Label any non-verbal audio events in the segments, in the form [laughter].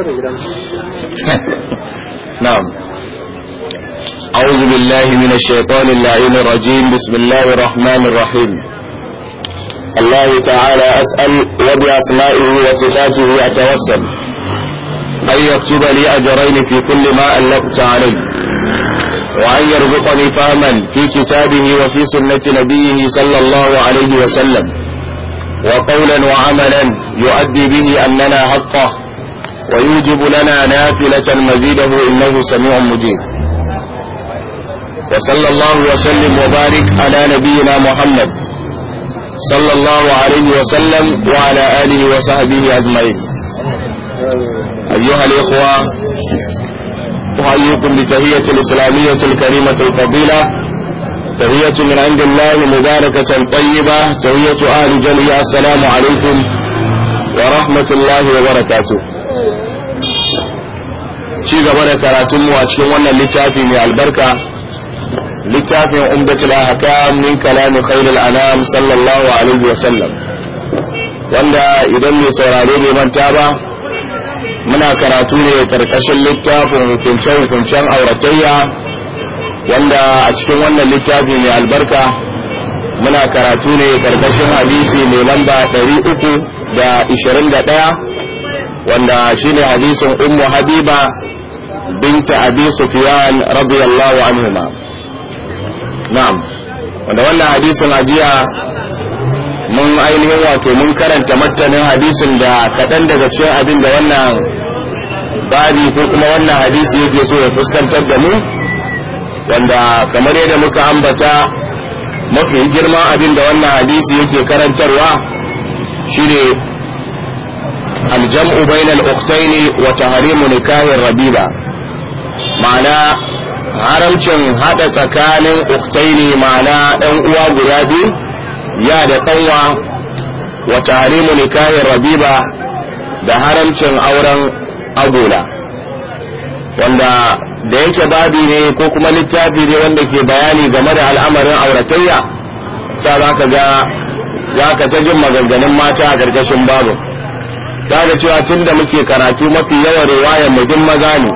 [laughs] نعم أعوذ بالله من الشيطان اللعين الرجيم بسم الله الرحمن الرحيم الله تعالى أسأل وبأسمائه وصفاته أتوسل أن يكتب لي أجرين في كل ما ألفت عليه وأن يرزقني فهما في كتابه وفي سنة نبيه صلى الله عليه وسلم وقولا وعملا يؤدي به أننا حقه ويوجب لنا نافلة مزيده إنه سميع مجيب وصلى الله وسلم وبارك على نبينا محمد صلى الله عليه وسلم وعلى آله وصحبه أجمعين أيها الإخوة أحييكم بتهية الإسلامية الكريمة الفضيلة تهية من عند الله مباركة طيبة تهية أهل جلية السلام عليكم ورحمة الله وبركاته ci gaba da karatunmu a cikin wannan littafi mai albarka littafin umdatul ahkam min kalam al anam sallallahu alaihi wa sallam wanda idan mai saurare bai manta ba muna karatu ne karkashin littafin hukunce hukuncen auratayya wanda a cikin wannan littafi mai albarka muna karatu ne karkashin hadisi mai lamba 321 wanda shine hadisin ummu habiba binta abi sufyan radiyallahu anhuma na'am wanda wannan hadisin ajiya mun ainihin wato mun karanta matanin hadisin da kaɗan daga cikin abin da wannan babi ko kuma wannan hadisi yake so ya fuskantar da mu wanda kamar yadda muka ambata mafi girman abin da wannan hadisi yake karantarwa shine الجمع بين الأختين وتحريم نكاح الربيبة معنى haramcin haɗa tsakanin uktaini ma'ana ɗan uwa guda biyu ya da ƙanwa wa tahrimu nikahin rabiba da haramcin auren agola wanda da yake babi ne ko kuma littafi ne wanda ke bayani game da al'amarin auratayya sa za ka ga za ka ta jin maganganun mata a ƙarƙashin babu daga cewa tun da muke karatu mafi yawan riwayar mu din maza ne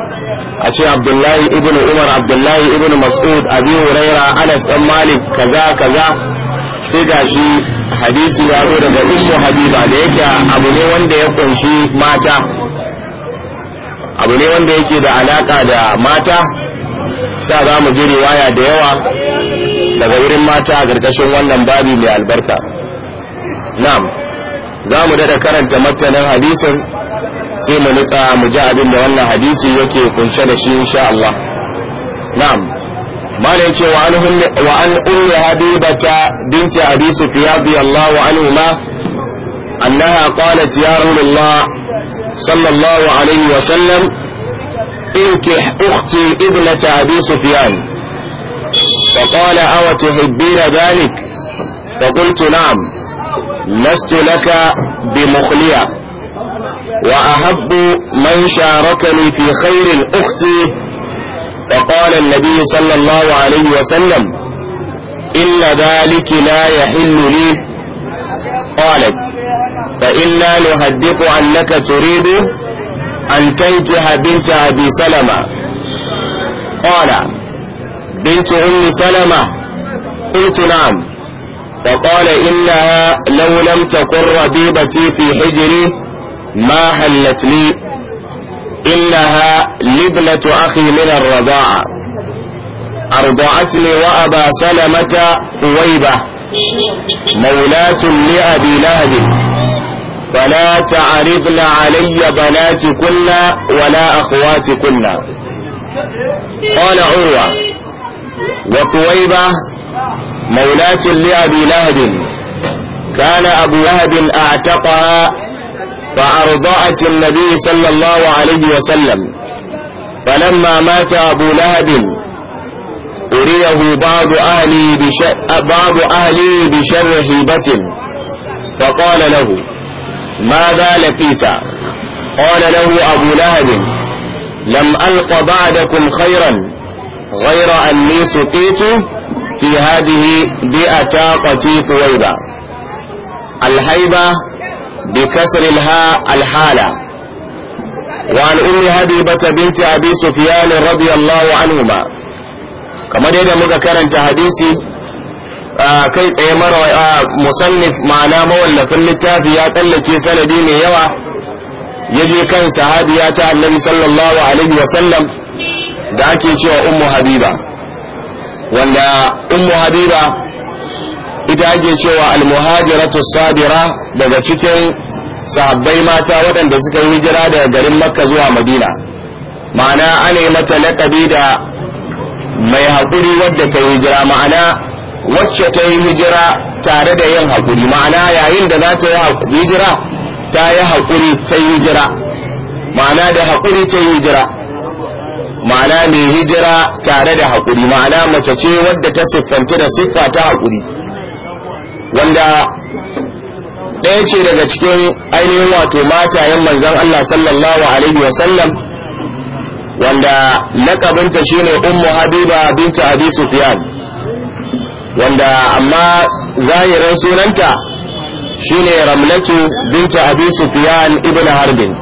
a ce abdullahi ibnu umar abdullahi ibnu mas'ud abi huraira anas dan malik kaza kaza sai gashi hadisi ya zo daga ummu habiba da yake abu ne wanda ya kunshi mata abu ne wanda yake da alaka da mata sa za mu ji riwaya da yawa daga irin mata a ƙarƙashin wannan babi mai albarka na'am za mu daɗa karanta martanin hadisin sai mu nutsa mu ji abin da wannan hadisi yake kunshe da shi insha Allah na'am malai ce wa an wa an ummi habibata binti abi sufyan radiyallahu anhuma annaha qalat ya rasulullah sallallahu alaihi wa sallam inkih ukhti ibnata abi sufyan فقال أو تحبين ذلك فقلت نعم لست لك بمخلية وأحب من شاركني في خير الأخت فقال النبي صلى الله عليه وسلم إن ذلك لا يحل لي قالت فإنا نهدق أنك تريد أن تنكح بنت أبي سلمة قال بنت أم سلمة قلت نعم فقال إنها لو لم تكن ربيبتي في حجري ما حلت لي إنها لابنة أخي من الرضاعة أرضعتني وأبا سلمة خويبة مولاة لأبي لهب فلا تعرضن علي بناتكن ولا أخواتكن قال عروة وثويبة مولاة لأبي لهب كان أبو لهب أعتقها فأرضعت النبي صلى الله عليه وسلم فلما مات أبو لهب أريه بعض أهلي بشر, بعض أهلي بشر هيبة فقال له ماذا لقيت قال له أبو لهب لم ألق بعدكم خيرا غير أني سقيت في هذه بأتاقة قويبة الهيبة بكسر الهاء الحالة وعن أم حبيبة بنت أبي سفيان رضي الله عنهما كما ديدا مكا كانت حديثي kai tsaye mara musannif ma'ana mawallafin littafi ya tsallake sanadi mai yawa ya je kan sahabiya ta annabi sallallahu alaihi wasallam da ake cewa ummu habiba wanda ummu habiba ita ake cewa almuhajiratu sabira daga cikin sahabbai mata waɗanda suka yi hijira daga garin makka zuwa madina ma'ana ana yi mata laƙabi da mai haƙuri wadda ta yi hijira ma'ana wacce ta yi hijira tare da yin haƙuri ma'ana yayin da za ta yi hijira ta yi haƙuri ta yi hijira ma'ana da haƙuri ta yi hijira ma'ana mai hijira tare da haƙuri ma'ana mace ce wadda ta siffanci da siffa ta haƙuri wanda ɗaya ce daga cikin ainihin wato matayen manzan Allah sallallahu alaihi Sallam. wanda lakabinta shine ummu habiba binta abi sufyan wanda amma zahirin sunanta shine ramlatu binta abi sufyan ibn harbin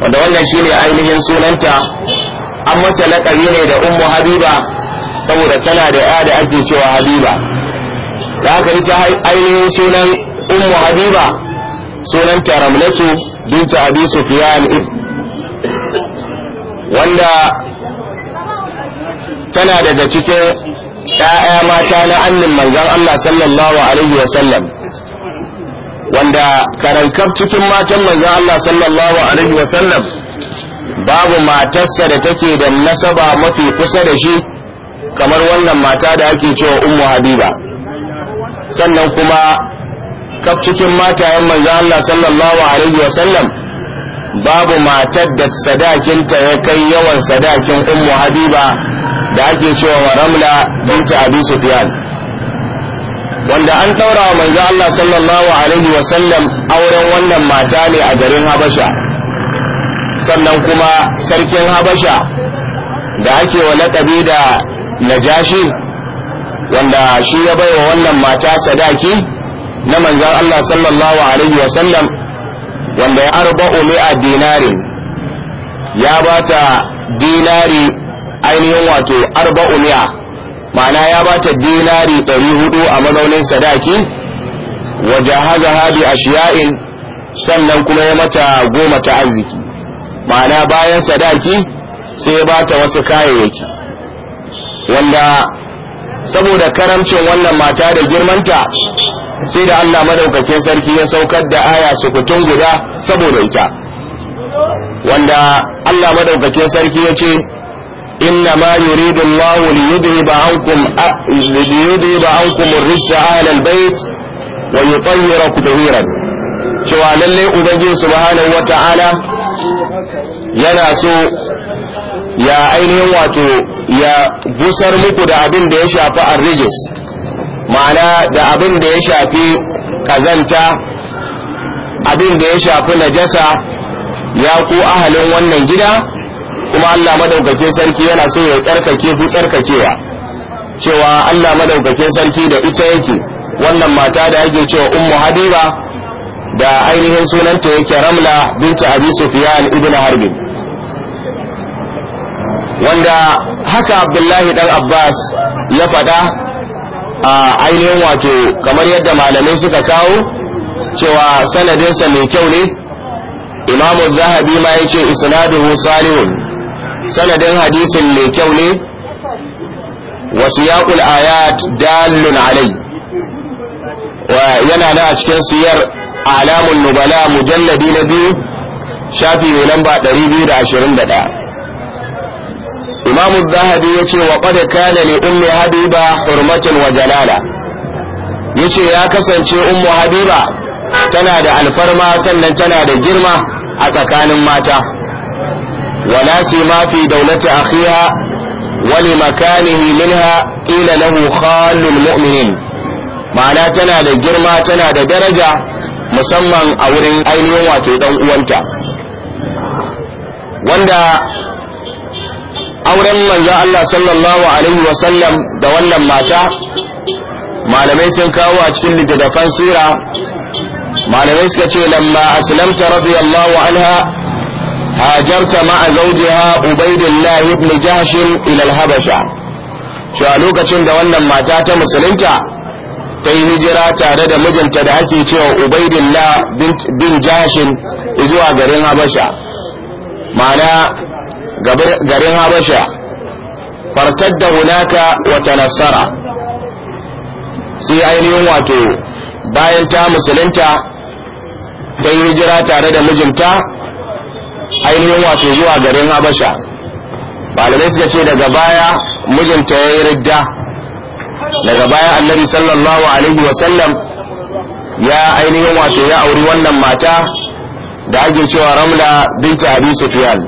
wanda wannan shine ainihin sunanta an mace laƙabi ne da ummu habiba saboda tana da ya da ake cewa habiba da aka ta ainihin sunan ummu habiba sunan taramlatu binta abi sufyan wanda tana daga cikin ‘ya'ya mata na annin manzan Allah sallallahu alaihi wasallam wanda karankar cikin matan manzan Allah sallallahu alaihi wasallam babu matarsa da take da nasaba mafi kusa da shi kamar wannan mata da ake cewa ummu habiba sannan kuma kaf cikin matayen manzo Allah sallallahu alaihi wa sallam babu matar da sadakinta ya kai yawan sadakin ummu habiba da ake cewa maramla ramla binta abi sufyan wanda an daura wa manzo Allah sallallahu alaihi wa sallam auren wannan mata ne a garin habasha sannan kuma sarkin habasha da ake wa laƙabi da najashi wanda shi ya bai wa wannan mata sadaki na manzan Allah sallallahu alaihi wasallam wanda ya arba'u a dinarin ya bata dinari ainihin wato arba'u mi'a ma'ana ya bata dinari ɗari hudu a mazaunin sadaki wajahaza habi shiya'in sannan kuma ya mata goma ta arziki ma'ana bayan sadaki sai ya bata wasu kayayyaki wanda saboda karamcin wannan mata da girmanta sai da Allah madaukakin sarki ya saukar da aya sukutun guda saboda ita wanda Allah madaukakin sarki ya ce inna ma yuridu Allah li yudhiba ankum li yudhiba ankum ar-rijsa 'ala al-bayt wa yutahhirakum tahiran cewa lalle ubangiji subhanahu wata'ala yana so ya ainihin wato ya busar muku da abin da ya shafi arrijis ma'ana da abin da ya shafi kazanta abin da ya shafi najasa ya ku ahalin wannan gida kuma Allah madaukakin sarki yana so ya tsarkake ku tsarkakewa cewa Allah madaukakin sarki da ita yake wannan mata da yake cewa ummu habiba da ainihin sunanta yake ramla binta abi sufyan ibn harbi wanda haka abdullahi dan abbas ya faɗa a ainihin wato kamar yadda malamai suka kawo cewa sanadinsa mai kyau ne imamu zahabi ma ya ce isnaduhu salihun sanadin hadisin mai kyau ne wasu yaƙul ayat dalilun alai yana da a cikin siyar علام النبلاء مجلد نبي شافي ولمبا دريبي عشرين بدا إمام الذهبي يتي وقد كان لأم حبيبة حرمة وجلالة يتي يا كسن أم حبيبة تنادى الفرما سنة تنادى الجرمة أتكان ماتا ولا سيما في دولة أخيها ولمكانه منها قيل له خال المؤمنين معنى تنادى الجرمة تنادى درجة musamman a wurin ainihin wato dan uwanta wanda auren manzo Allah sallallahu alaihi wa sallam da wannan mata malamai sun kawo a cikin littattafan sira malamai suka ce lamma aslamta radiyallahu anha hajarta ma'a zawjiha ubaidillah ibn jahsh ila Alhabasha. habasha a lokacin da wannan mata ta musulunta ta yi hijira tare da mijinta da ake cewa ubaidillah bin jashin zuwa garin habasha ma'ana garin habasha fartar da hunaka wata nasara sai ainihin wato bayan ta musulunta ta yi hijira tare da mijinta ainihin wato zuwa garin habasha malamai suka ce daga baya mijinta ya yi ridda daga baya annabi sallallahu alaihi wasallam ya ainihin wato ya auri wannan mata da ake cewa ramla binta abi sufyan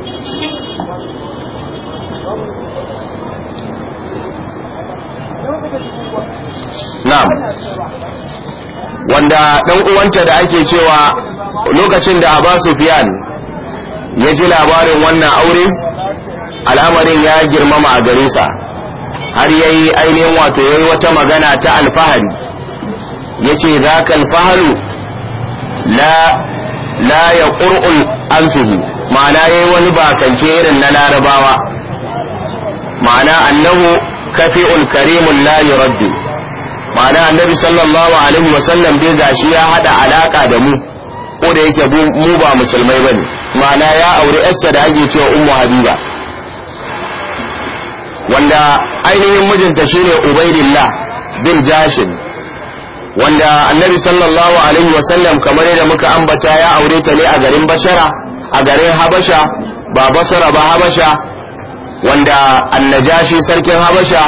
na'am wanda dan uwanta da ake cewa lokacin da abu sufyan ya ji labarin wannan aure al'amarin ya girmama a garisa har yayi ainihin wato yayi wata magana ta alfahari yace zaka alfahalu la la ya qur'ul anfihi ma'ana yayi wani bakance irin na larabawa ma'ana annahu kafi'ul karimun la yuraddu ma'ana annabi sallallahu alaihi wasallam dai gashi ya hada alaka da mu ko da yake mu ba musulmai bane ma'ana ya aure yarsa da ake cewa ummu habiba wanda ainihin mijinta shine ubaidillah bin jashin wanda annabi sallallahu alaihi wasallam kamar yadda muka ambata ya aure ta ne a garin bashara a garin habasha ba basara ba habasha wanda annajashi sarkin habasha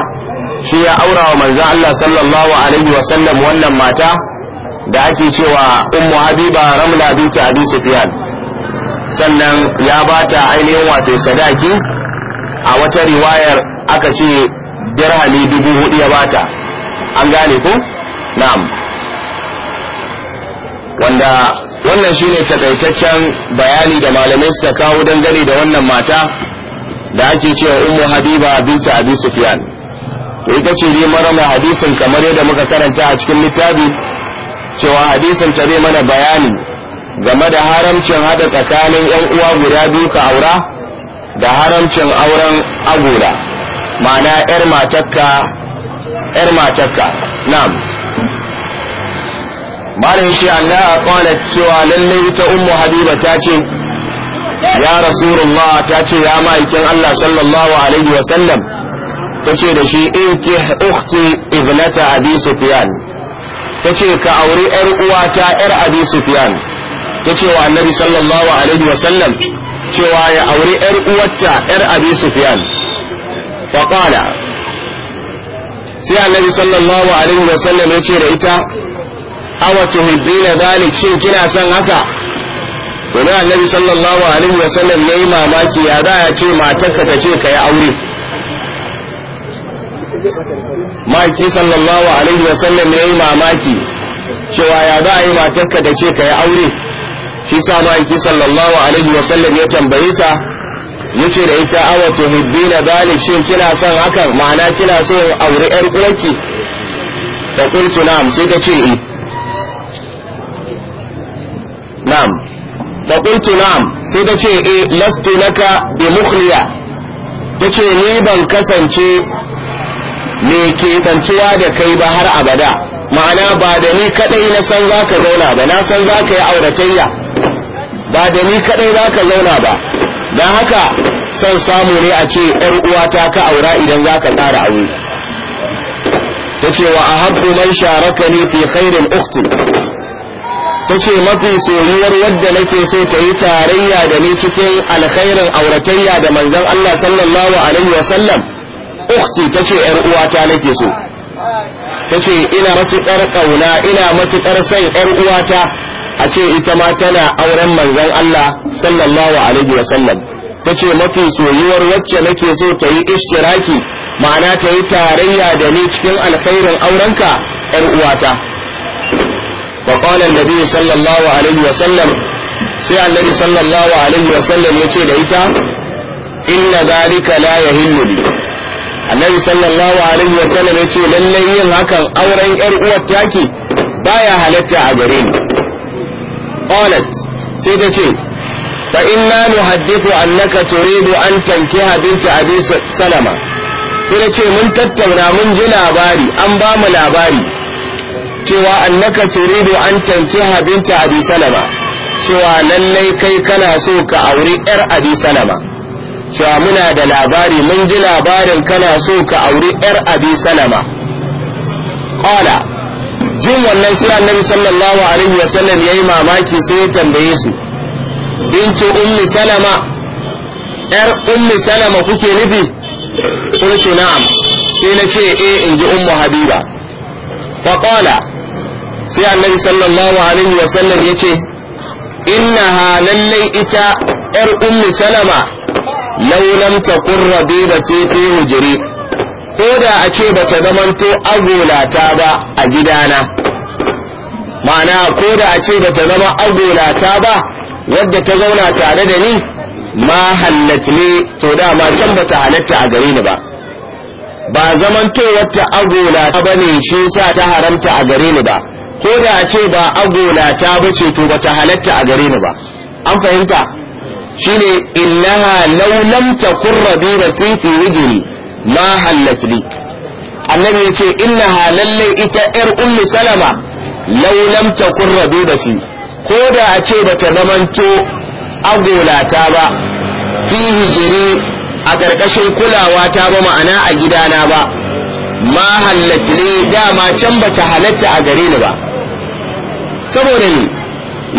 shi ya aura wa manzan Allah sallallahu alaihi wasallam wannan mata da ake cewa ummu habiba ramla binta abi sufyan sannan ya bata ainihin wato sadaki a wata riwayar aka ce dirhami dubu hudu ya bata an gane ko na'am wanda wannan shine takaitaccen bayani da malamai suka kawo dangane da wannan mata da ake cewa ummu habiba binta abi sufyan to ita ce ne marama hadisin kamar yadda muka karanta a cikin littafi cewa hadisin ta zai mana bayani game da haramcin hada tsakanin yan uwa guda biyu ka aura da haramcin auren agura ma'ana yar matakka yar matakka na'am malam shi annaha qalat cewa lalle ita ummu habiba ta ce ya rasulullah ta ce ya ma'aikin Allah sallallahu alaihi wa sallam tace da shi in ki ukhti ibnata abi sufyan tace ka auri yar uwata yar abi sufyan tace wa annabi sallallahu alaihi wa sallam cewa ya auri yar uwarta yar abi sufyan wa qala sai annabi sallallahu alaihi wa sallam ya ce da ita awa tuhibbina zalik shin kina son haka domin annabi sallallahu alaihi wa sallam ya yi mamaki ya za ya ce matarka ta ce ka yi aure maki sallallahu alaihi wa sallam ya yi mamaki cewa ya za a yi matarka ta ce ka yi aure shi sa maki sallallahu alaihi wa sallam ya tambaye ta yace da ita awa tuhibbina zalik shin kina son hakan ma'ana kina so aure yar uwarki da kuntu na'am sai ta ce eh. na'am da kuntu na'am sai ta ce eh lastu laka bi mukhliya tace ni ban kasance me ke tantuwa da kai ba har abada ma'ana ba da ni kadai na san zaka zauna ba na san zaka yi auratayya ba da ni kadai zaka zauna ba don haka son samu ne a ce ‘yar uwata ka aura idan za ka ƙara aure ta ce wa a haɗu mai sharaka ne fi khairin ukti ta ce mafi soyuwar wadda nake so ta yi tarayya da ni cikin alkhairin auratayya da manzan Allah sallallahu alaihi wa sallam ukti ta ce ‘yar uwata nake so ta ce ina matuƙar ƙauna ina matuƙar son ‘yar uwata a ce ita ma tana auren manzon Allah sallallahu alaihi wasallam ta ce mafi soyuwar wacce nake so ta yi ishtiraki ma'ana ta yi tarayya da ni cikin alkhairin aurenka ‘yar uwata wa qala annabi sallallahu alaihi wa sallam sai annabi sallallahu alaihi wasallam ya ce da ita inna zalika la yahillu li annabi sallallahu alaihi wasallam ya ce lallai yin hakan auren ‘yar uwar taki baya halatta a gare ni qalat sai ta ce fa inna nuhaddithu annaka turidu an tankiha binta abi salama sai ta ce mun tattauna mun ji labari an ba mu labari cewa annaka turidu an tankiha binta abi salama cewa lallai kai kana so ka auri yar abi salama cewa muna da labari mun ji labarin kana so ka auri yar abi salama qala jin wannan sai annabi sallallahu alaihi wasallam yayi mamaki sai ya tambaye su bintu ummi salama yar ummi salama kuke nufi qultu na'am sai na ce eh in ji ummu habiba fa qala sai annabi sallallahu alaihi wasallam yace innaha lallai ita yar ummi salama law lam takun ce fi hujri ko da a ce ta zamanto agolata ba a gidana ma'ana ko da a ce bata zama ta ba wadda ta zauna tare da ni ma halatta ne to dama can bata halatta a gare ni ba ba zamantowar ta agolata ba ne shi sa ta haramta a gare ni ba ko da a ce ba agonata ba ce to bata halatta a gare ni ba an fahimta shine innaha law lam takun rabibati fi wajhi ma halatta ne annabi yace innaha lalle ita yar ummu salama Laulamta ta kurra dubati ko da a ce bata zamanto agolata ba fi hijiri a ƙarƙashin kulawa ta ba ma'ana a gidana ba ma ne dama can bata halatta a gare ni ba saboda ni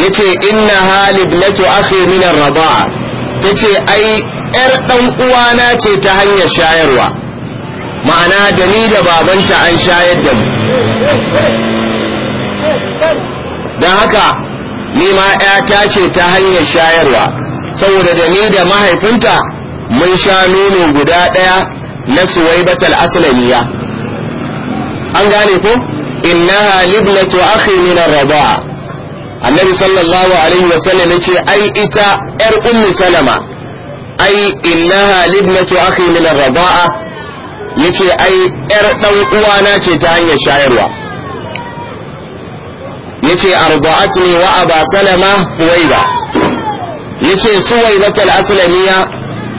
yace inna halib to ake minar raba, ta ce ai yar dan uwana ce ta hanyar shayarwa ma'ana da ni da babanta an shayar da mu don haka ni ma ‘yata ce ta hanyar shayarwa saboda da ni da mahaifinta mun sha nono guda ɗaya na suwaibatal aslamiya an gane ko innaha libnatu akhi min ar annabi sallallahu alaihi wa sallam ce ai ita yar ummi salama ai innaha libnatu akhi min ar yace ai yar dan uwana ce ta hanyar shayarwa yace arda'atni wa aba salama huwaiba yace suwaibat al-aslamiya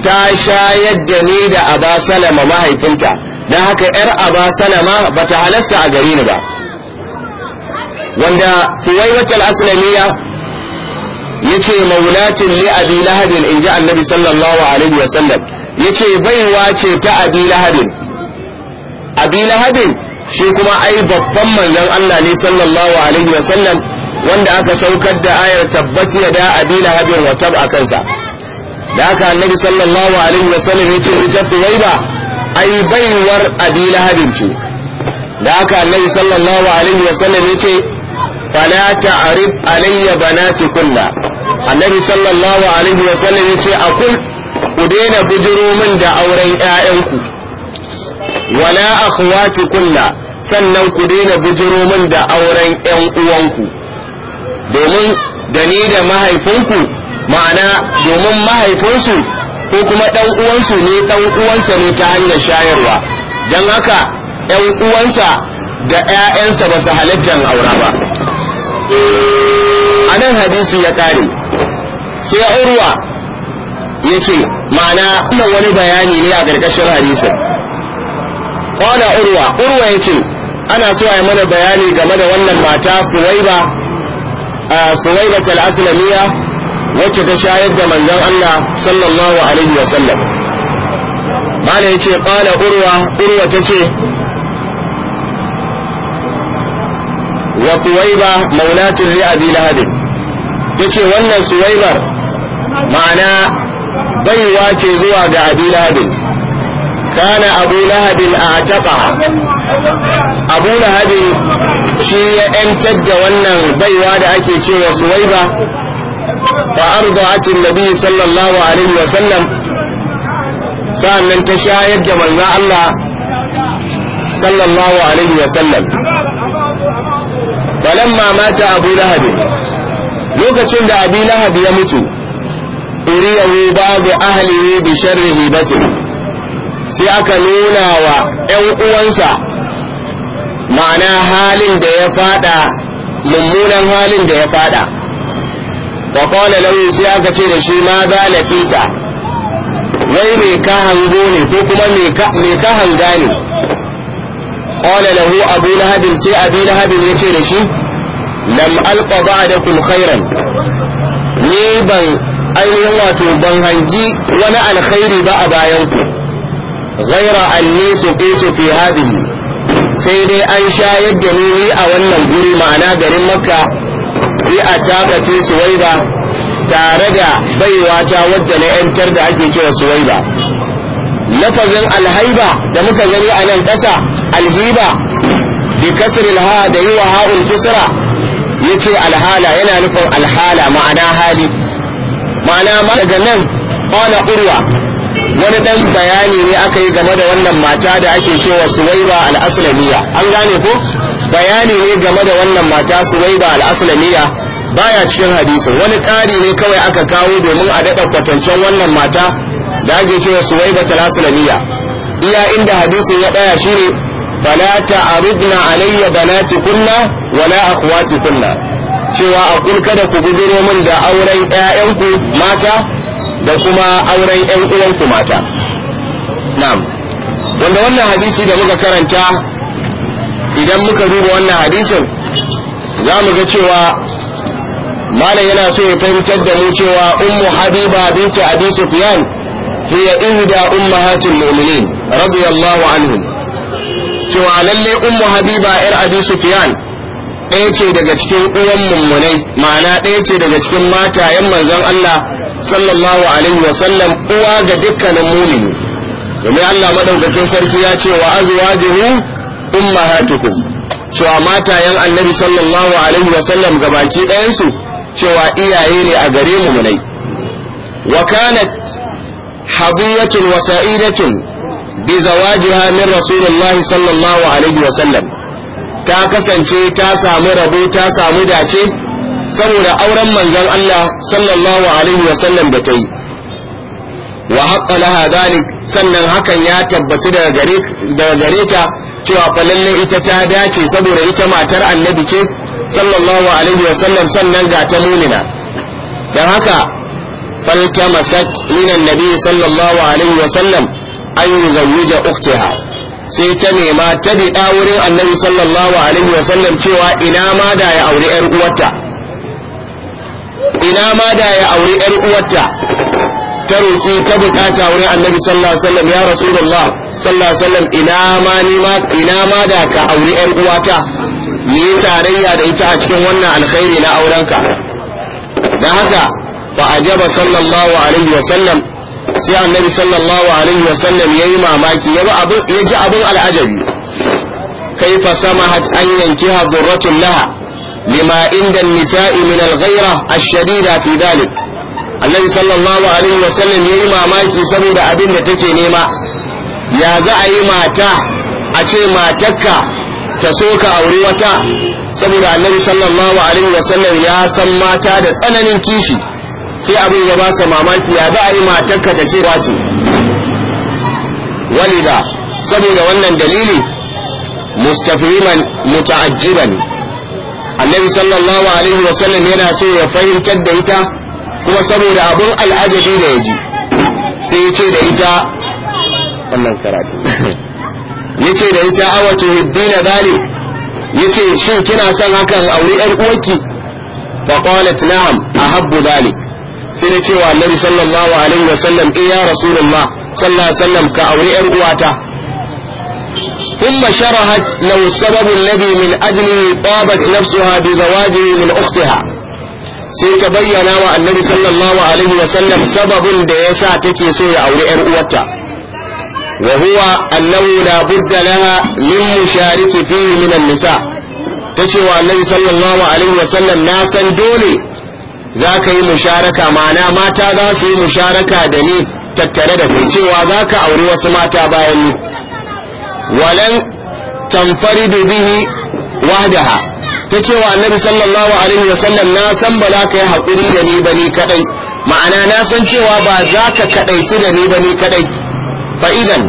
ta shayar da ni da aba salama mahaifinta dan haka yar aba salama bata halasta a gare ni ba wanda suwaibat al-aslamiya yace maulatin li abi lahab inji annabi sallallahu alaihi sallam yace baiwa ce ta abi lahab abi lahab shi kuma ai babban manzon Allah ne sallallahu alaihi wa sallam wanda aka saukar da ayar tabbati da abila habin wa tab a kansa da aka annabi sallallahu alaihi wa sallam yace ita tuwaiba ai baiwar abila habin ce da aka annabi sallallahu alaihi wa sallam yace fala ta'rif alayya banatikunna annabi sallallahu alaihi wa sallam yace akul ku daina bujiro min da auren ƴaƴanku wala akhwati kunna sannan ku daina bujuro min da auren ƴan uwanku domin da ni da mahaifinku ma'ana domin mahaifinsu ko kuma ɗan uwansu ne ɗan uwansa ne ta hanyar shayarwa don haka ƴan uwansa da ƴaƴansa ba su halittar aura ba a nan hadisi ya ƙare sai urwa yake ma'ana wannan wani bayani ne a ƙarƙashin hadisin qala urwa urwa yace ana so yi mana bayani game da wannan mata fuwaiba fuwaiba wacce ta shayar da manzon Allah sallallahu alaihi wa sallam mala yace qala urwa urwa tace wa fuwaiba maulatu li abi lahab tace wannan suwaibar ma'ana baiwa ce zuwa ga abi lahab kana abu lahabin a taɓa abu lahabin shi ya ‘yantar da wannan baiwa da ake cewa suwaiba wa arzo atin nabi sallallahu alaihi wasallam sa'annan ta shayar da manzan Allah sallallahu alaihi wasallam falamma mata abu lahabin lokacin da abi lahab ya mutu iriyahu babu ahlihi bi sai aka nuna wa 'yan uwansa ma'ana halin da ya fada mummunan halin da ya fada da kwanan lauyi sai aka ce da shi ma za lafita wai mai ka hango ne ko kuma mai ka hanga ne kwanan lauyi abu na lahabin sai abu na lahabin ya ce da shi lam da kun khairan ni ban ainihin wato ban hangi wani alkhairi ba a bayan ku ghaira anni suqitu fi hadhihi sai dai an shayar da ni a wannan guri ma'ana garin makka bi a takace suwaiba tare da baiwa ta wadda na yantar da ake kira suwaiba lafazin alhaiba da muka gani a nan ƙasa alhiba bi kasril ha da yi wa ha'un kisra yace alhala yana nufin alhala ma'ana hali ma'ana ma daga nan qala urwa wani dan bayani ne aka yi game da wannan mata da ake cewa suwaiba al-aslamiya an gane ko bayani ne game da wannan mata suwaiba al-aslamiya baya cikin hadisin wani ƙari ne kawai aka kawo domin a daɗa kwatancen wannan mata da ake cewa suwaiba al-aslamiya iya inda hadisin ya ɗaya ne fala ta'arudna alayya banati kunna wala akhwati kunna cewa a kada ku gujiro min da auren ƴaƴanku mata da kuma auren ƴan uwanku mata na'am wanda wannan hadisi da muka karanta idan muka duba wannan hadisin za mu ga cewa malam yana so ya fahimtar da mu cewa ummu habiba binta abi sufyan hiya inda ummahatul mu'minin radiyallahu anhu. cewa lalle ummu habiba yar abi sufyan ɗaya ce daga cikin uwan mummunai ma'ana ɗaya ce daga cikin mata yan manzon Allah sallallahu alaihi wa sallam uwa ga dukkanin mumini domin Allah madaukakin sarki ya ce wa azwajuhu ummahatukum cewa matayen annabi sallallahu alaihi wa sallam gabaki ɗayan su cewa iyaye ne a gare mu munai wa kanat hadiyatun wa sa'idatun bi zawajiha min rasulullahi sallallahu alaihi wa sallam ta kasance ta samu rabo ta samu dace saboda auren manzon Allah sallallahu alaihi wa sallam da ta yi wa haqqa laha dhalik sannan hakan ya tabbatu daga gare daga gare ta cewa fa lalle ita ta dace saboda ita matar annabi ce sallallahu alaihi wa sallam sannan ga ta munina dan haka faltamasat min annabi sallallahu alaihi wa sallam an yuzawwija ukhtaha sai ta nema ta bida wurin annabi sallallahu alaihi wa sallam cewa ina ma da ya aure yar uwarta ina ma da ya auri yar uwarta ta roƙi ta bukata wurin annabi sallallahu alaihi wasallam ya rasulullah sallallahu alaihi wasallam ina ma ni ma ina ma da ka auri yar uwata ni tarayya da ita a cikin wannan alkhairi na ka. dan haka fa ajaba sallallahu alaihi wasallam sai annabi sallallahu alaihi wasallam yayi mamaki ya abin ya ji abin al'ajabi kaifa samahat an yankiha dhurratun laha لما عند النساء من الغيرة الشديدة في ذلك النبي صلى الله عليه وسلم يا إمام ماكي سبب أبن تكي نيما يا زعي ماتا أشي ماتكا تسوك أوريوتا سبب النبي صلى الله عليه وسلم يا سماتا أنا كيشي sai abin ya ba sa mamaki ya za a yi matarka ta ce wace walida saboda wannan dalili mustafiman muta'ajjiban annabi sallallahu alaihi wa sallam yana so ya fahimtar da ita kuma saboda abun al'ajabi da ya ji sai ya ce da ita wannan karatu [laughs] ya ce da ita awa tuhibbina dhalik ya ce shin kina son hakan aure yar uwarki fa qalat na'am ahabbu dhalik sai na cewa annabi sallallahu alaihi wasallam eh ya rasulullah sallallahu alaihi sallam ka auri yar uwata ثم شرحت لو السبب الذي من أجله طابت نفسها بزواجه من أختها سيك بينا النبي صلى الله عليه وسلم سبب ديسا تكيسوي أو لأرؤوتا وهو أنه لا بد لها من مشارك فيه من النساء تشوى النبي صلى الله عليه وسلم ناسا دولي ذاك مشاركة معنا ما تذا في مشاركة دني تتردد cewa za ka auri wasu mata bayan ni walan tanfaridu bihi wahdaha ta ce wa annabi sallallahu alaihi wasallam na san ba za ka yi haƙuri da ni ba ni kaɗai ma'ana na san cewa ba za ka kaɗaici da ni ba ni kaɗai fa'idan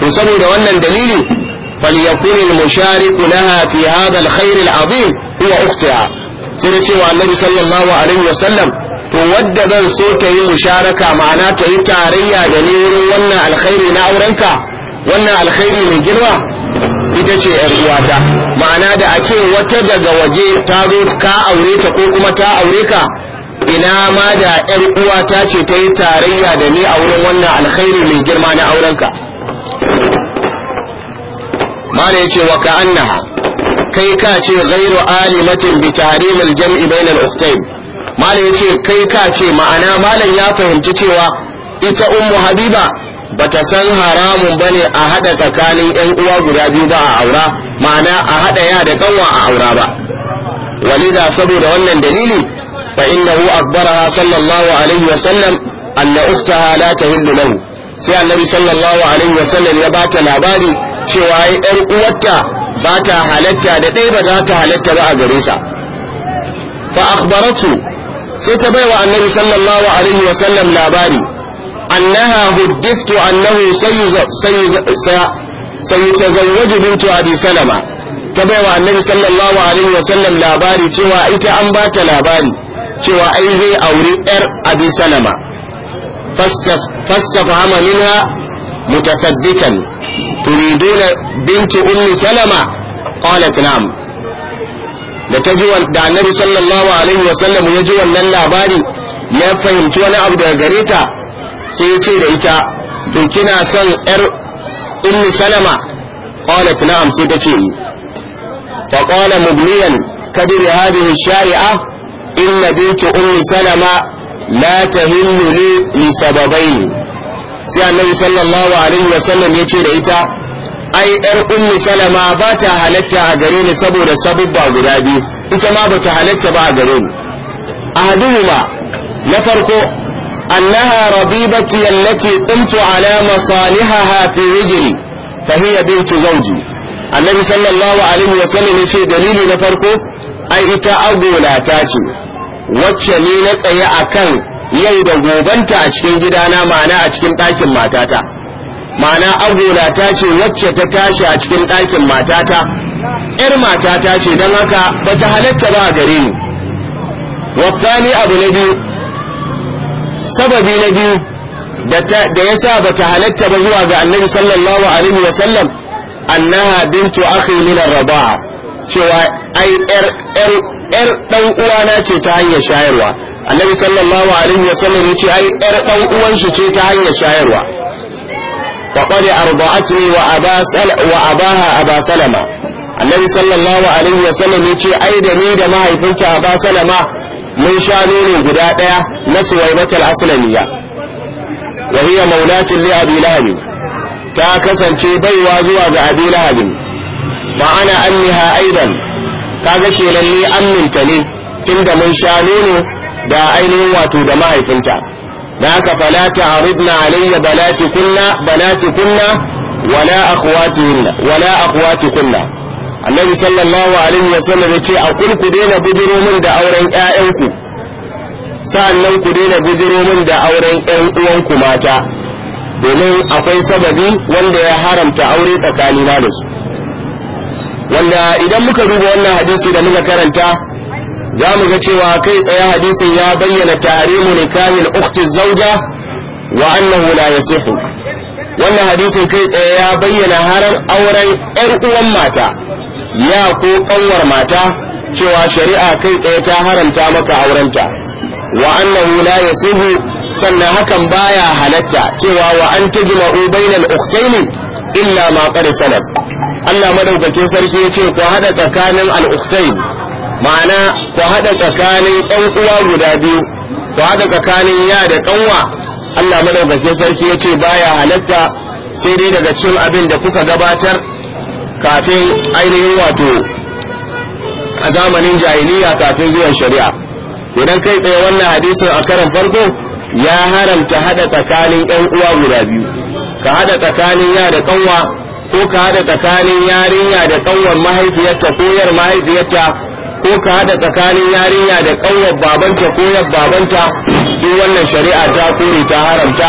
to saboda wannan dalili فليكون المشارك لها في هذا الخير العظيم هو أختها سنة النبي صلى الله عليه وسلم تود ذن سوك يمشاركة معناته تاريا جنين ون الخير نعورنك wannan alkhairi mai girma ita ce ‘yar uwata ma'ana da ake wata daga waje ta zo ka aure ta ko kuma ta aure ka ina ma da ‘yar uwata ce ta yi tarayya da ni a wurin wannan alkhairi mai girma na aurenka mana ya ce wa ka annaha kai ka ce gairu alimatin bi tahrimil jam'i bainal ukhtayn mana ya ce kai ka ce ma'ana malam ya fahimci cewa ita ummu habiba bata san haramun bane a hada tsakanin ƴan uwa guda biyu ba a aura ma'ana a hada ya da kanwa a aura ba waliza saboda wannan dalili fa innahu akbaraha sallallahu alaihi wa sallam anna ukhtaha la tahillu lahu sai annabi sallallahu alaihi wa sallam ya bata labari cewa ai ƴan uwarta ba ta halatta da dai ba za ta halatta ba a gare sa fa akhbaratu sai ta baiwa annabi sallallahu alaihi wa sallam labari أنها هدفت أنه سيتزوج بنت أبي سلمة كبير النبي صلى الله عليه وسلم لا باري توا إتا أنبات لا باري توا أيزي أوري إر أبي سلمة فاستفهم منها متثبتا تريدون بنت أم سلمة قالت نعم da ta ji da annabi sallallahu alaihi wasallam ya ji wannan labari ya fahimci wani abu daga gare ta sai ya ce da ita to kina son yar ummi salama qalat na'am sai ta ce fa qala mubliyan kadir hadhihi shari'a inna bint ummi salama la tahillu li li sababain sai annabi sallallahu alaihi wasallam ya ce da ita ai yar ummi salama ba ta halatta a gare ni saboda sabubba guda biyu ita ma ba ta halatta ba a gare ni ma na farko أنها ربيبتي التي قمت على مصالحها في رجلي فهي بنت زوجي النبي صلى الله عليه na يشي دليلي نفرقه أي إتا أولا تاتي وتشمينة أي أكل yau da gobanta a cikin gidana ma'ana a cikin ɗakin matata ma'ana agola ta ce wacce ta tashi a cikin ɗakin matata 'yar matata ce don haka bata halarta ba a gare ni Wafani abu na biyu sababi na biyu da ya sa bata halatta ba zuwa ga annabi sallallahu alaihi wa sallam annaha bintu akhi min ar-rada'a cewa ai yar yar yar dan uwana ce ta hanyar shayarwa annabi sallallahu alaihi wa sallam yace ai yar dan uwan shi ce ta hanyar shayarwa faqad arda'atni wa aba wa abaha aba salama annabi sallallahu alaihi wa sallam yace ai da ni da mahaifinta aba salama mun sha nono guda ɗaya na suwaibatar aslamiya wa hiya maulatin li abi lahab ta kasance baiwa zuwa ga abi lahab fa ana anniha aidan kaga ke lalle aminta ne tunda mun sha nono da ainihin wato da mahaifinta da haka fala ta'ridna alayya Bala kunna balati kunna wala akhwati wala kunna annabi sallallahu alaihi wasallam ya ce a kun ku daina bujiro min da auren ƴaƴanku sa'annan ku daina bujiro min da auren ƴan uwanku mata domin akwai sababi wanda ya haramta aure tsakanina da su wanda idan muka duba wannan hadisi da muka karanta za mu ga cewa kai tsaye hadisin ya bayyana tahrimu nikahin ukhti zauja wa annahu la yasihu wannan hadisin kai tsaye ya bayyana haram auren ƴan uwan mata ya ko kanwar mata cewa shari'a kai tsaye ta haramta maka aurenta wa annahu la yasihu sannan hakan baya halatta cewa wa an tajma'u bainal ukhtaini illa ma qad sanad Allah madaukakin sarki ya ce ku hada tsakanin al-ukhtain ma'ana ku hada tsakanin ɗan uwa guda biyu ku hada tsakanin ya da kanwa Allah madaukakin sarki ya ce baya halatta sai dai daga cikin abin da kuka gabatar kafin ainihin wato a zamanin jahiliya kafin zuwan shari'a idan kai tsaye wannan hadisin a karan farko ya haramta hada tsakanin yan uwa guda biyu ka hada tsakanin ya da kanwa ko ka hada tsakanin yarinya da kanwar mahaifiyarta ko yar mahaifiyarta ko ka hada tsakanin yarinya da kanwar babanta ko yar babanta duk wannan shari'a ta kore ta haramta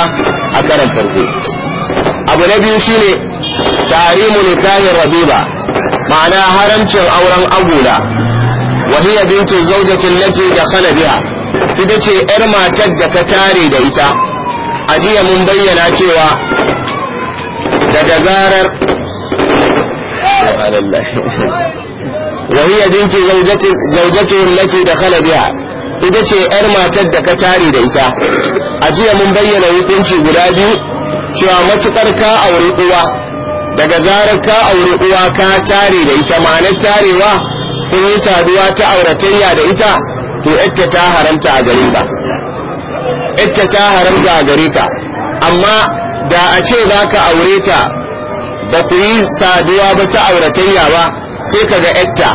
a karan farko abu na biyu shine tahrimu nikahi rabiba ma'ana haramcin auren agula wa hiya bintu zawjati allati dakhala biha ita ce ƴar matar da ka tare da ita a jiya mun bayyana cewa daga zarar وهي بنت زوجته زوجته التي دخل بها ita ce ‘yar matar da ka tare da ita a jiya mun bayyana hukunci guda biyu cewa matuƙar ka auri uwa daga zarar ka aure uwa ka tare da ita ma'anar tarewa kun yi saduwa ta auratayya da ita to ita ta haramta a gare ka ita ta haramta a gare ka amma da a ce za ka aure ta ba ku yi saduwa ba ta auratayya ba sai ka ga ita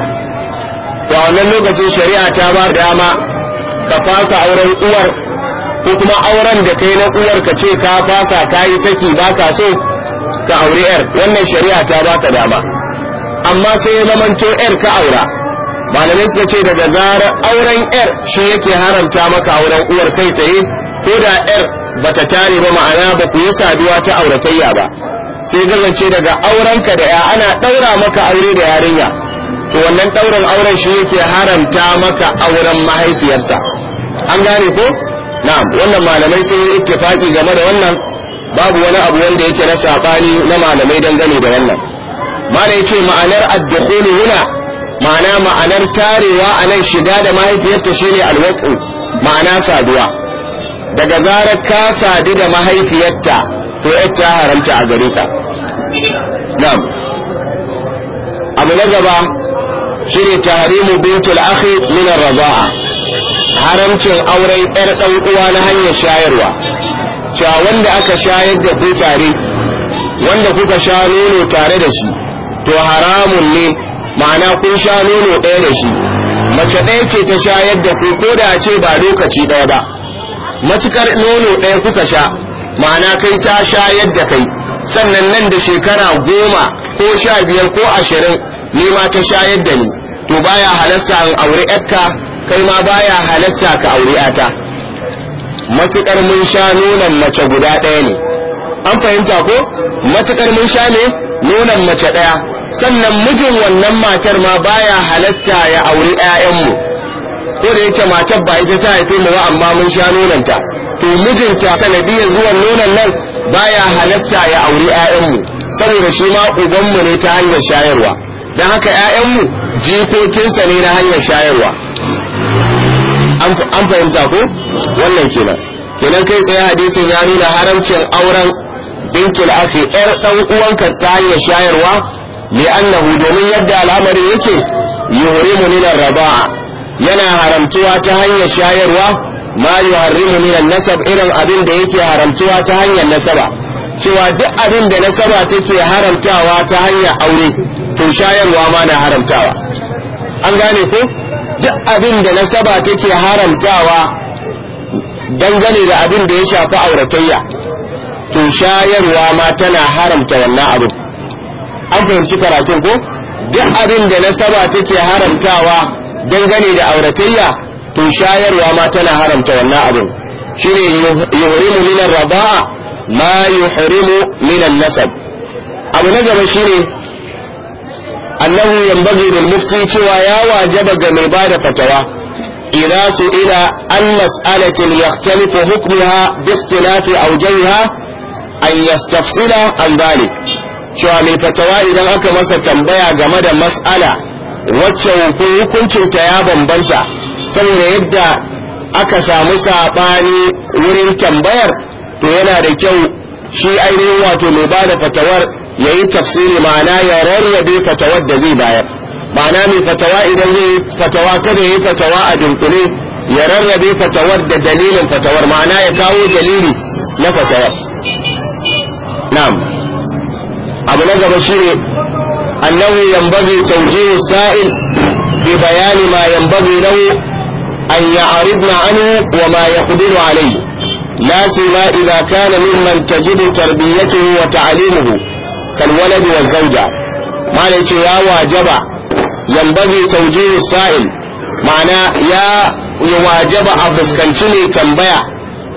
to a wannan lokacin shari'a ta ba dama ka fasa auren uwar ko kuma auren da kai na uwar ka ce ka fasa ka yi saki ba ka so ka aure yar wannan shari'a ta baka dama amma sai ya zamanto yar ka aura malamai suka ce daga zarar auren yar shi yake haramta maka auren uwar kai tsaye ko da yar ta tare ba ma'ana ba ku yi saduwa ta auratayya ba sai gazance daga aurenka da ya ana daura maka aure da yarinya to wannan daurin auren shi yake haramta maka auren mahaifiyarta an gane ko na'am wannan malamai sun yi ittifaki game da wannan babu wani abu wanda yake na saɓani na malamai dangane da wannan mala yace ma'anar ad huna ma'ana ma'anar tarewa a nan shiga da mahaifiyarta shine ne ma'ana saduwa daga zarar ka sadu da mahaifiyarta to ta haramta a gare ka na'am abu na gaba shine tahrimu bintul akhi min ar haramcin aure 'yar ɗan uwa na hanyar shayarwa cewa wanda aka shayar da ku tare wanda kuka sha nono tare da shi to haramun ne ma'ana kun sha nono ɗaya da shi mace ɗaya ce ta shayar da ku ko da ce ba lokaci ɗaya ba matukar nono ɗaya kuka sha ma'ana kai ta shayar da kai sannan nan da shekara goma ko sha biyar ko ashirin ne ma ta shayar da ni to baya halasta in aure yarka kai ma baya halasta ka aure ta matukar mun sha nunan mace guda ɗaya ne an fahimta ko matukar mun sha ne nunan mace ɗaya sannan mijin wannan matar ma baya halatta ya auri ƴaƴanmu ko da yake matar ba ita ta haife mu ba amma mun sha ta to mijinta sanadiyar zuwan nunan nan baya halatta ya auri ƴaƴanmu saboda shi ma ubanmu ne ta hanyar shayarwa don haka ƴaƴanmu jikokinsa ne na hanyar shayarwa an fahimta ko wannan kenan kenan kai tsaye hadisin ya nuna haramcin auren binkil akhi yar dan uwanka ta hanyar shayarwa annahu domin yadda al'amarin yake yuhrimu min ar-raba'a yana haramtuwa ta hanyar shayarwa ma yuhrimu min an-nasab irin abin da yake haramtuwa ta hanyar nasaba cewa duk abin da nasaba take haramtawa ta hanyar aure to shayarwa ma na haramtawa an gane ko duk abin da nasaba take haramtawa dangane da abin da ya shafi auratayya to shayarwa ma tana haramta wannan abin an fahimci karatun ko duk abin da nasaba take haramtawa dangane da auratayya to shayarwa ma tana haramta wannan abin shine yuhrimu min ar raba'a ma yuhrimu min an-nasab abu na gaba shine annahu yanbaghi lil mufti cewa ya wajaba ga mai bada fatawa idza su'ila an mas'alatin yakhtalifu hukmuha bi ikhtilafi awjaiha an yastafsila an dhalik cewa mai fatawa idan aka masa tambaya game da mas'ala wacce hukuncin ta ya bambanta saboda yadda aka samu sabani wurin tambayar to yana da kyau shi ainihin wato mai bada fatawar yayi tafsiri ma'ana ya rarrabe fatawa da zai bayar ma'ana mai fatawa idan zai fatawa kada yayi fatawa a dunkule ya rarrabe fatawa da dalilin fatawar ma'ana ya kawo dalili na fatawa na'am abu na gaba shine annahu yanbaghi tawjihu sa'il bi bayani ma yanbaghi lahu an ya'ridna anhu wa ma yaqdiru alayhi لا سيما إذا كان ممن تجب تربيته وتعليمه kalwalad wa zauja malai ce ya wajaba yambazi taujihu sa'il ma'ana ya wajaba a fuskanci ne tambaya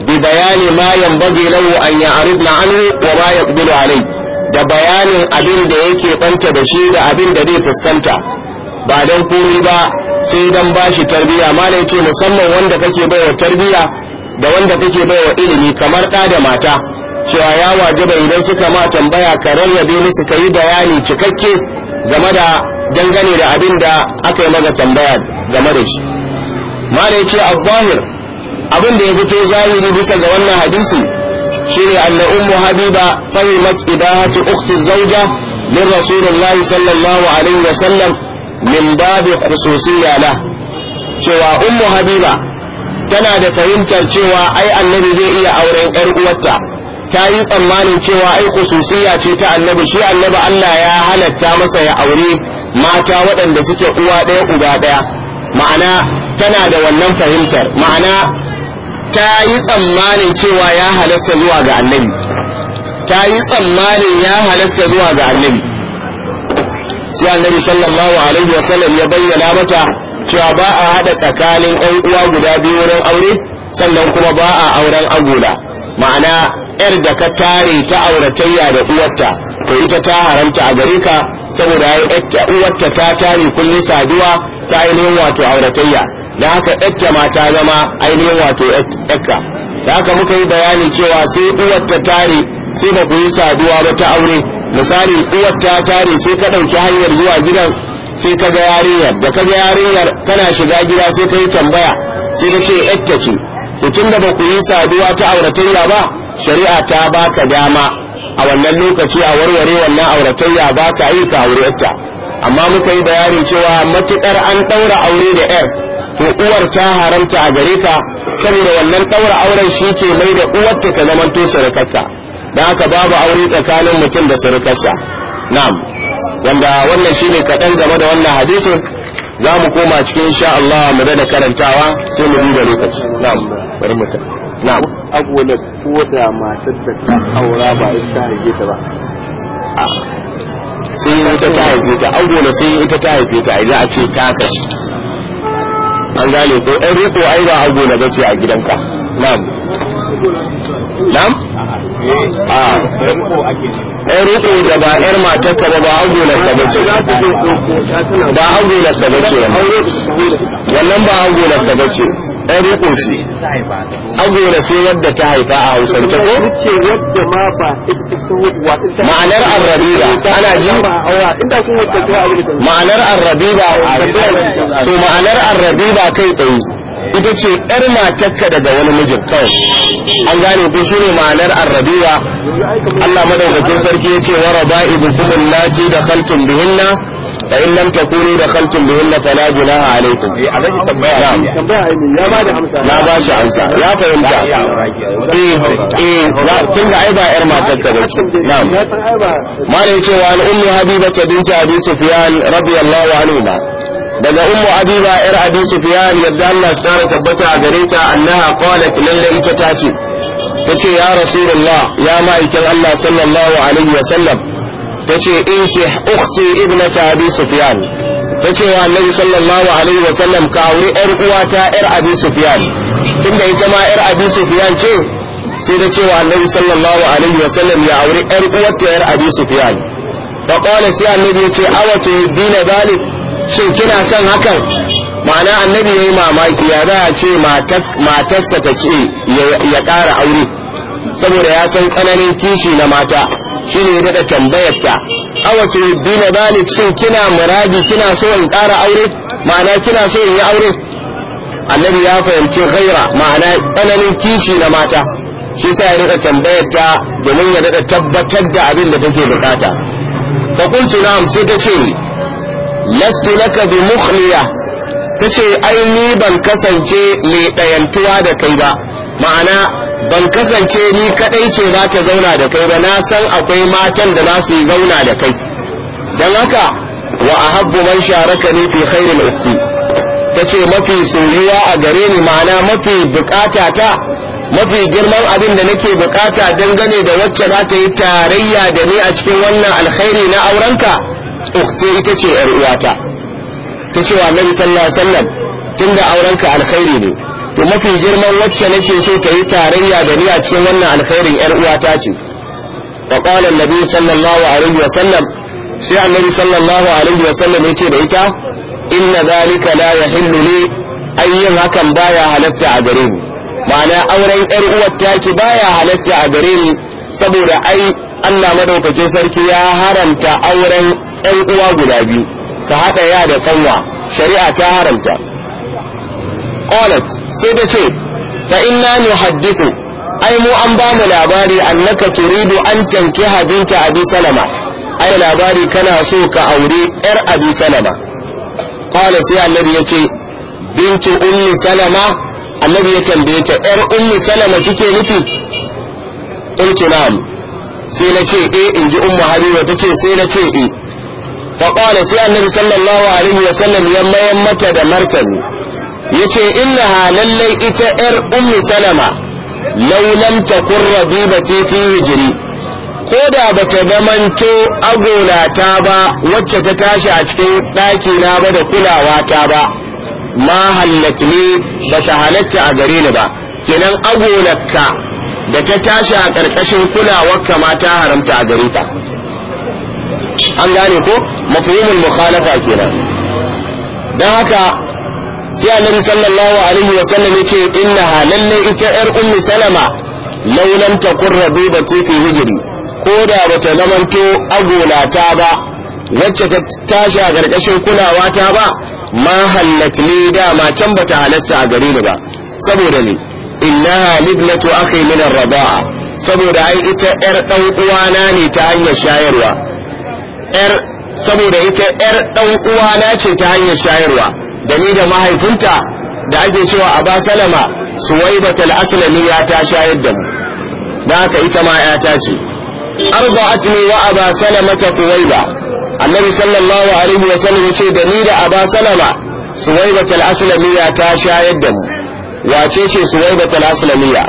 bi bayani ma yambazi lahu an ya'rid anhu wa ma yaqbilu alai da bayanin abin da yake banta da shi da abin da zai fuskanta ba dan kuri ba sai dan bashi tarbiya malai ce musamman wanda kake baiwa tarbiya da wanda kake baiwa ilimi kamar ɗa da mata cewa ya wajaba idan suka ma tambaya ka rarrabe musu ka yi bayani cikakke game da dangane da abin da aka yi maka tambaya game da shi mala ya ce a zahir abin da ya fito zahiri bisa ga wannan hadisi shine anna ummu habiba fahimat ibahatu ukhti zauja min rasulullah sallallahu alaihi wa sallam min babi khususiyya la cewa ummu habiba tana da fahimtar cewa ai annabi zai iya auren yar uwarta ta yi tsammanin cewa ai khususiyya ce ta annabi shi annabi Allah ya halatta masa ya aure mata waɗanda suke uwa ɗaya uba ɗaya ma'ana tana da wannan fahimtar ma'ana ta yi tsammanin cewa ya halasta zuwa ga annabi ta yi tsammanin ya halasta zuwa ga annabi sai annabi sallallahu alaihi wasallam ya bayyana mata cewa ba a haɗa tsakanin ƴan uwa guda biyu wurin aure sannan kuma ba a auren agoda ma'ana yar da ka tare ta auratayya da uwarta to ita ta haramta a gare ka saboda ya uwarta ta tare kullum saduwa ta ainihin wato auratayya da haka ta ma ta zama ainihin wato yarka da haka muka yi bayani cewa sai uwarta tare sai ba ku yi saduwa ba ta aure misali uwarta tare sai ka ɗauki hanyar zuwa gidan sai ka ga yarinyar da ka ga yarinyar kana shiga gida sai ka tambaya sai ka ce yarta ce tun da ba ku yi saduwa ta auratayya ba shari'a ta baka dama a wannan lokaci a warware wannan auratayya ba ka yi ka ta amma muka yi bayani cewa matukar an ɗaura aure da yar ko uwar ta haramta a gare ka saboda wannan ɗaura auren shi ke mai da uwar ta ta zamanto surukarka don haka babu aure tsakanin mutum da surukarsa na'am wanda wannan shine kaɗan game da wannan hadisin za mu koma cikin insha Allah mu da karantawa sai mu duba lokaci na'am bari mu na'am agwala ko da matar da ta aura ba ita ta haife ta ba ah, sai ita ta haife ta agwala sai ita ta haife ta idan a ce ta kashi an gane ko ɗan riko ai ba agwala ba ce a gidanka na'am na'am a riko gidanka ɗan riko da ba ƴar matar ba ba hagu na ba ce ba hagu na ba ce wannan ba hagu na ba ce ɗan riko ce na sai wadda ta haifa a hausance ko ma'anar arrabiba ana ji ma'anar arrabiba to ma'anar arrabiba kai tsaye ita ce yar matakka daga wani mijin kawai an gane ko shine ma'anar arrabiya Allah madaukakin sarki ya ce wa raba'ibukum allati dakhaltum bihinna fa in lam takunu dakhaltum bihinna fala junaha alaykum eh alaki tambaya tambaya ya ba da amsa na ba shi amsa ya fahimta eh eh tun da ai ba yar matarka ba ce na'am mallai ce wa al ummi habibata binti abi sufyan radiyallahu anha daga ummu habiba yar abi sufyan yadda Allah ya kara tabbata a gare ta annaha qalat lalla ita ta ce tace ya rasulullah ya ma'aikin Allah sallallahu alaihi wa sallam tace in ki ukhti ibnata abi sufyan tace wa annabi sallallahu alaihi wa sallam ka wuri yar uwata yar abi sufyan tunda ita ma yar abi sufyan ce sai da cewa annabi sallallahu alaihi wa sallam ya aure yar uwarta yar abi sufyan fa qala sai annabi ya ce awatu dina dalik shin kina son hakan ma'ana annabi ya yi mamaki ya za a ce matarsa ta ce ya ƙara aure saboda ya san tsananin kishi na mata shine ya daɗa tambayar ta awa ce dina zalik shin kina muradi kina so in ƙara aure ma'ana kina so in yi aure annabi ya fahimci ghaira ma'ana tsananin kishi na mata shi sa ya rika tambayar ta domin ya daɗa tabbatar da abin da take bukata ta kuntu na'am sai ta ce lastu laka bi mukhliya tace ai ni ban kasance mai ɗayantuwa da kai ba ma'ana ban kasance ni kadai ce za ta zauna da kai ba na san akwai matan da za su yi zauna da kai dan haka wa ahabbu man sharaka ni fi khairil ukti tace mafi soyuwa a gare ni ma'ana mafi bukata ta mafi girman abin da nake bukata dangane da wacce za ta yi tarayya da ni a cikin wannan alkhairi na aurenka ukhti ita ce yar uwata ta ce wa annabi sallallahu alaihi wasallam tunda aurenka alkhairi ne to mafi girman wacce nake so ta yi tarayya da ni a cikin wannan alkhairin yar uwata ce wa qala annabi sallallahu alaihi wasallam sai annabi sallallahu alaihi wasallam yace da ita inna zalika la yahillu li ayyin hakan baya halasta a gare ni ma'ana auren yar uwar taki baya halasta a gare ni saboda ai Allah madaukakin sarki ya haramta auren ɗan uwa guda biyu ka haɗa ya da kanwa shari'a ta haramta ƙolat sai ta ce ina inna haddiku ai mu an ba mu labari annaka turidu an tanke habinta abi salama ai labari kana so ka aure yar abi salama qala sai annabi ce bintu ummi salama annabi ya tambaye ta yar ummi salama kike nufi in na'am sai na ce eh in ji ummu habiba ta ce sai na ce eh faƙwale sai annabi sallallahu alaihi wasallam ya mayan mata da martani ya ce ina halallai ita ‘yar ummi salama laulam ta kurra biba fi hijiri ko da bata ta zamanto agolata ba wacce ta tashi a cikin ɗakina ba da kulawata ba ma hallatni bata ta halatta a gare ni ba kenan agonarka da ta tashi a ƙarƙashin kulawarka ma ta haramta a gare ta an gane ko mafhumul mukhalafa kenan dan haka sai annabi sallallahu alaihi wa sallam yace inna halalle ita yar ummi salama law lam takun rabibati fi hijri ko da bata zamanto agolata ba wacce ta tashi a karkashin kulawa ta ba ma da dama can bata halasta a gare ni ba saboda ne innaha libnatu akhi min ar rabaa saboda ai ita yar dan uwana ne ta hanyar shayarwa yar saboda ita yar dan uwana ce ta hanyar shayarwa da ni da mahaifinta da ake cewa aba salama suwaibatul ya ta shayar da mu da haka ita ma 'ya yata ce arda'atni wa aba salama ta kuwaiba annabi sallallahu alaihi wa sallam ce da ni da aba salama suwaibatul ya ta shayar da mu wace ce suwaibatul aslamiya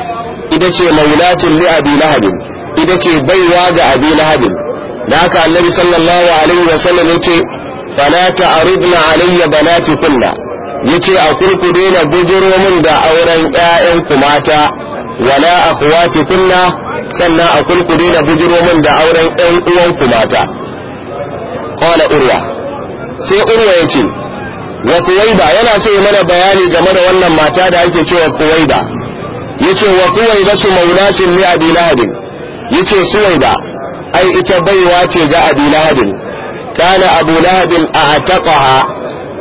ita ce maulatul li abi lahabin ita ce baiwa ga abi lahabin da haka annabi sallallahu alaihi wa sallam yace fala ta'ridna alayya banatikunna yace a kurkude na bujuro min da auren ƴaƴan ku mata wala akhwatikunna sannan a kurkude na bujuro min da auren ƴan uwan ku mata qala urwa sai urwa yace wa kuwaida yana so mana bayani game da wannan mata da ake cewa kuwaida yace wa kuwaida tu maulatin li abi lahab yace suwaida ai ita baiwa ce ga abu lahabin kana abu a ataƙaha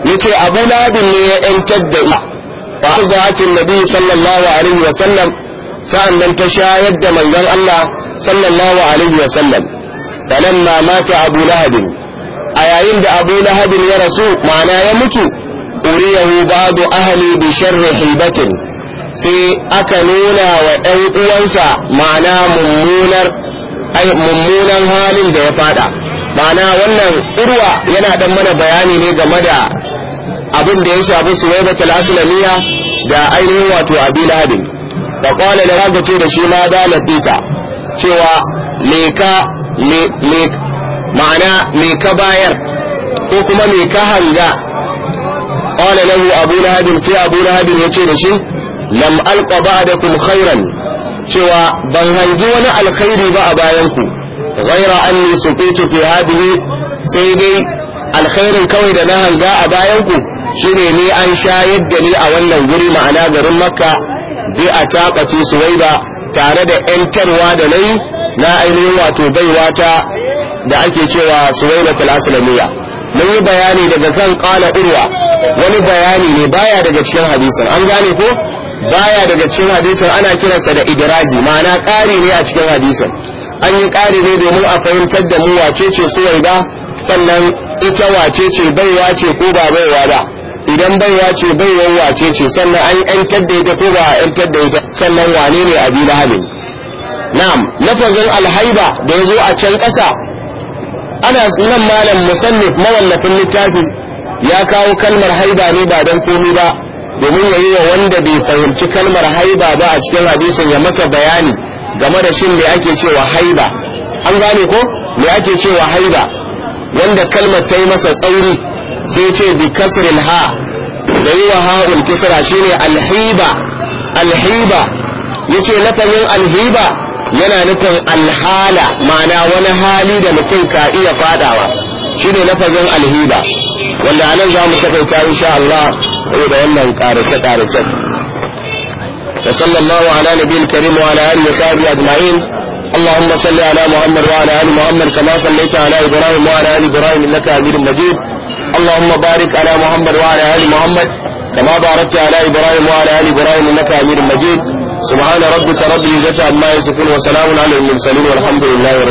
ya ce abu ne ya ‘yantar da ita ba a zahatin nabi sallallahu alaihi wasallam sa'an nan ta shayar mai manzon Allah sallallahu alaihi wasallam falamma mata abu lahabin a yayin da abu ya rasu ma'ana ya mutu uriyahu ba'du ahali bi sharri hibatin sai aka nuna wa ɗan uwansa ma'ana mummunar ai mummunan halin da ya fada ma'ana wannan irwa yana dan mana bayani ne game da abin da ya shafi suwaibatul aslamiya da ainihin wato abi da kwale da raga ce da shi ma da lafita cewa me ka ma'ana me ka bayar ko kuma me ka hanga kwale lahu abu lahabin sai abu lahabin ya ce da shi lam alqa ba'dakum khairan cewa ban hangi wani alkhairi ba a bayan ku ghaira anni suqitu fi hadhihi sai dai alkhairin kawai da na hanga a bayan ku shine ni an sha da ni a wannan guri ma'ana garin makka bi a taqati suwaiba tare da yantarwa da nayi na ainihin wato baiwa ta da ake cewa suwaiba al aslamiya mun yi bayani daga kan qala urwa wani bayani ne baya daga cikin hadisin an gane ko baya daga cikin hadisin ana kiransa da idraji ma'ana ƙari ne a cikin hadisin an yi ƙari ne domin a fahimtar da mu wace ce su ba sannan ita wace ce baiwa ce ko ba baiwa ba idan baiwa ce baiwar wace ce sannan an yantar da ita ko ba a yantar da ita sannan wane ne a abi lahabin na'am lafazin alhaiba da ya zo a can ƙasa ana nan malam musannif mawallafin littafi ya kawo kalmar haiba ne ba don komi ba domin ya yi wa wanda bai fahimci kalmar haiba ba a cikin hadisin ya masa bayani game da shin me ake cewa haiba an gane ko me ake cewa haiba wanda kalmar ta yi masa tsauri sai ce bi kasril ha da yi wa ha'ul kisra shine alhiba alhiba yace lafazin alhiba yana nufin alhala ma'ana wani hali da mutum ka iya fadawa shine lafazin alhiba wanda anan za mu takaita insha Allah saboda wannan ƙarace-ƙaracen. Da sallallahu ala nabi al-karim wa ala alihi wa sahbihi ajma'in. Allahumma salli ala Muhammad wa ala ali kama sallaita ala Ibrahim wa ala ali Ibrahim innaka Hamidum Allahumma barik ala Muhammad wa ala ali Muhammad kama barakta ala Ibrahim wa ala ali Ibrahim innaka Hamidum Majid. سبحان ربك رب العزة عما يصفون وسلام على المرسلين والحمد لله